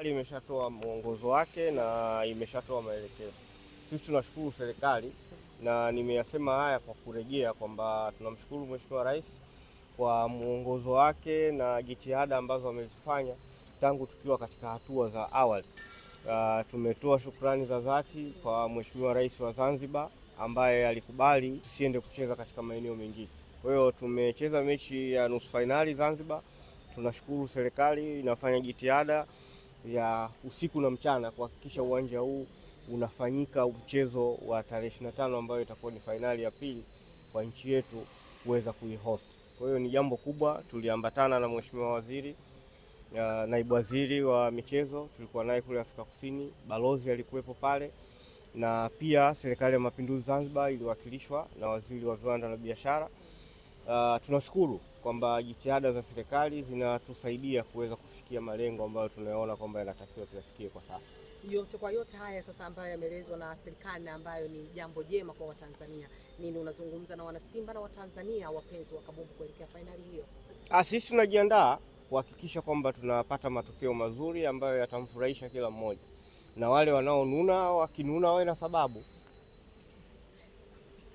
Serikali imeshatoa mwongozo wake na imeshatoa maelekezo. Sisi tunashukuru serikali na nimeyasema haya kwa kurejea kwamba tunamshukuru Mheshimiwa Rais kwa mwongozo wake na jitihada ambazo amezifanya tangu tukiwa katika hatua za awali. Uh, tumetoa shukrani za dhati kwa Mheshimiwa Rais wa Zanzibar ambaye alikubali tusiende kucheza katika maeneo mengine. Kwa hiyo tumecheza mechi ya nusu fainali Zanzibar. Tunashukuru serikali inafanya jitihada ya usiku na mchana kuhakikisha uwanja huu unafanyika mchezo wa tarehe 25 ambayo itakuwa ni fainali ya pili kwa nchi yetu kuweza kuihost. Kwa hiyo ni jambo kubwa, tuliambatana na mheshimiwa waziri ya, naibu waziri wa michezo tulikuwa naye kule Afrika Kusini, balozi alikuwepo pale, na pia serikali ya mapinduzi Zanzibar iliwakilishwa na waziri wa viwanda na biashara Uh, tunashukuru kwamba jitihada za serikali zinatusaidia kuweza kufikia malengo ambayo tunayoona kwamba yanatakiwa tuyafikie kwa sasa. Yote kwa yote haya sasa ambayo yameelezwa na serikali na ambayo ni jambo jema kwa Watanzania, nini unazungumza na wanasimba na Watanzania wapenzi wa kabumbu kuelekea fainali hiyo? Ah, sisi tunajiandaa kuhakikisha kwamba tunapata matokeo mazuri ambayo yatamfurahisha kila mmoja, na wale wanaonuna wakinuna wawe na sababu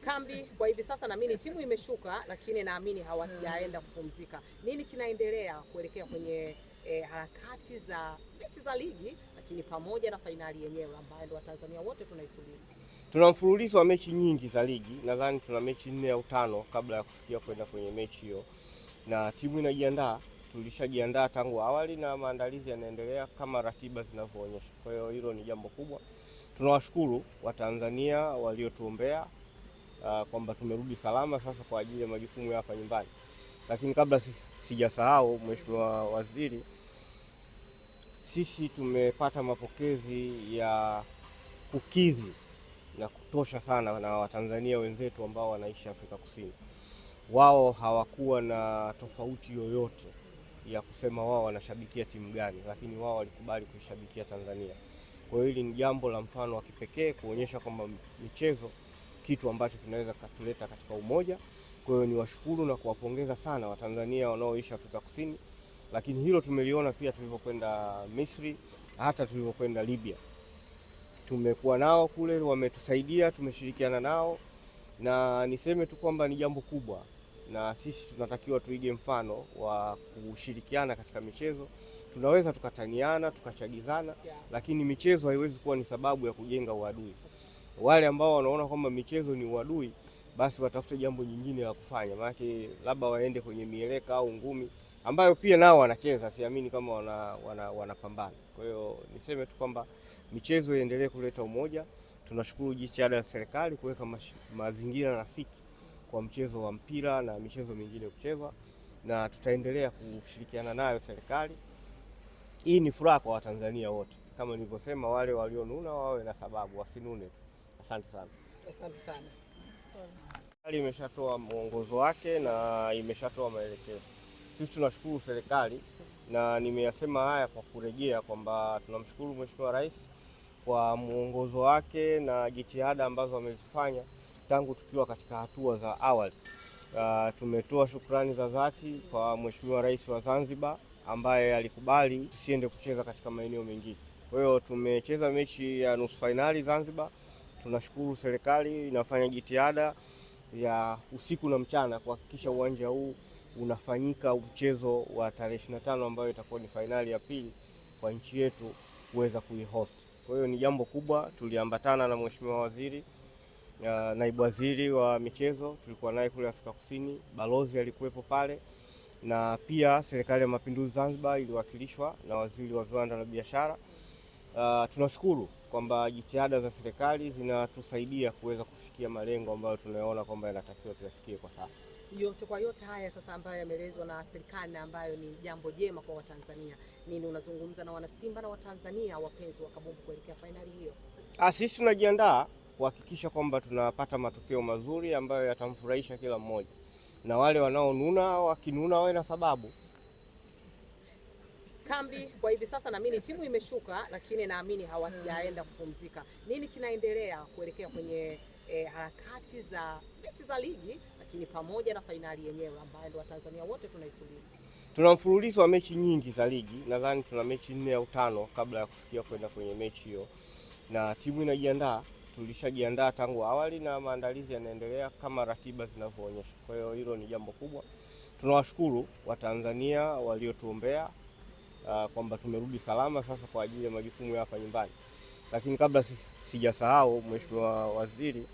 kambi kwa hivi sasa, naamini timu imeshuka, lakini naamini hawajaenda kupumzika. Nini kinaendelea kuelekea kwenye eh, harakati za mechi za ligi lakini pamoja na fainali yenyewe ambayo ndio Watanzania wote tunaisubiri. Tuna mfululizo wa mechi nyingi za ligi, nadhani tuna mechi nne au tano kabla ya kufikia kwenda kwenye mechi hiyo, na timu inajiandaa. Tulishajiandaa tangu awali na maandalizi yanaendelea kama ratiba zinavyoonyesha. Kwa hiyo hilo ni jambo kubwa. Tunawashukuru Watanzania waliotuombea Uh, kwamba tumerudi salama sasa kwa ajili ya majukumu hapa nyumbani. Lakini kabla sijasahau, Mheshimiwa Waziri, sisi tumepata mapokezi ya kukidhi na kutosha sana na Watanzania wenzetu ambao wanaishi Afrika Kusini. Wao hawakuwa na tofauti yoyote ya kusema wao wanashabikia timu gani, lakini wao walikubali kuishabikia Tanzania. Kwa hiyo hili ni jambo la mfano wa kipekee kuonyesha kwamba michezo kitu ambacho kinaweza katuleta katika umoja. Kwa hiyo niwashukuru na kuwapongeza sana Watanzania wanaoishi Afrika Kusini, lakini hilo tumeliona pia tulivyokwenda Misri, hata tulivyokwenda Libya. Tumekuwa nao kule, wametusaidia, tumeshirikiana nao, na niseme tu kwamba ni jambo kubwa, na sisi tunatakiwa tuige mfano wa kushirikiana katika michezo. Tunaweza tukataniana, tukachagizana, yeah, lakini michezo haiwezi kuwa ni sababu ya kujenga uadui wale ambao wanaona kwamba michezo ni uadui, basi watafute jambo jingine la kufanya, maanake labda waende kwenye mieleka au ngumi ambayo pia nao wanacheza, siamini kama wanapambana wana, wana. Kwa hiyo niseme tu kwamba michezo iendelee kuleta umoja. Tunashukuru jitihada ya serikali kuweka mazingira rafiki kwa mchezo wa mpira na michezo mingine kuchezwa, na tutaendelea kushirikiana nayo serikali. Hii ni furaha kwa Watanzania wote, kama nilivyosema, wale walionuna wawe na sababu, wasinune tu. Asante sana. Asante sana. Serikali imeshatoa mwongozo wake na imeshatoa maelekezo. Sisi tunashukuru serikali na nimeyasema haya kwa kurejea kwamba tunamshukuru Mheshimiwa Rais kwa mwongozo wake na jitihada ambazo amezifanya tangu tukiwa katika hatua za awali. Uh, tumetoa shukrani za dhati kwa Mheshimiwa Rais wa Zanzibar ambaye alikubali tusiende kucheza katika maeneo mengine. Kwa hiyo tumecheza mechi ya nusu fainali Zanzibar tunashukuru serikali inafanya jitihada ya usiku na mchana kuhakikisha uwanja huu unafanyika mchezo wa tarehe 25 ambayo itakuwa ni fainali ya pili kwa nchi yetu kuweza kuihost. Kwa hiyo ni jambo kubwa, tuliambatana na mheshimiwa waziri na naibu waziri wa michezo, tulikuwa naye kule Afrika Kusini, balozi alikuwepo pale, na pia serikali ya mapinduzi Zanzibar iliwakilishwa na waziri wa viwanda na biashara. Uh, tunashukuru kwamba jitihada za serikali zinatusaidia kuweza kufikia malengo ambayo tunaona kwamba yanatakiwa tuyafikie kwa sasa. Yote kwa yote haya sasa ambayo yameelezwa na serikali na ambayo ni jambo jema kwa Watanzania, nini unazungumza na wanasimba na Watanzania wapenzi wa kabumbu kuelekea fainali hiyo? Ah, sisi tunajiandaa kuhakikisha kwamba tunapata matokeo mazuri ambayo yatamfurahisha kila mmoja, na wale wanaonuna wakinuna wawe na sababu kambi kwa hivi sasa, naamini timu imeshuka, lakini naamini hawajaenda kupumzika. Nini kinaendelea kuelekea kwenye e, harakati za mechi za ligi, lakini pamoja na fainali yenyewe ambayo ndio Watanzania wote tunaisubiri? Tuna mfululizo wa mechi nyingi za ligi, nadhani tuna mechi nne au tano kabla ya kufikia kwenda kwenye mechi hiyo, na timu inajiandaa tulishajiandaa tangu awali na maandalizi yanaendelea kama ratiba zinavyoonyesha. Kwa hiyo hilo ni jambo kubwa. Tunawashukuru Watanzania waliotuombea uh, kwamba tumerudi salama sasa kwa ajili ya majukumu ya hapa nyumbani. Lakini kabla sijasahau, Mheshimiwa Waziri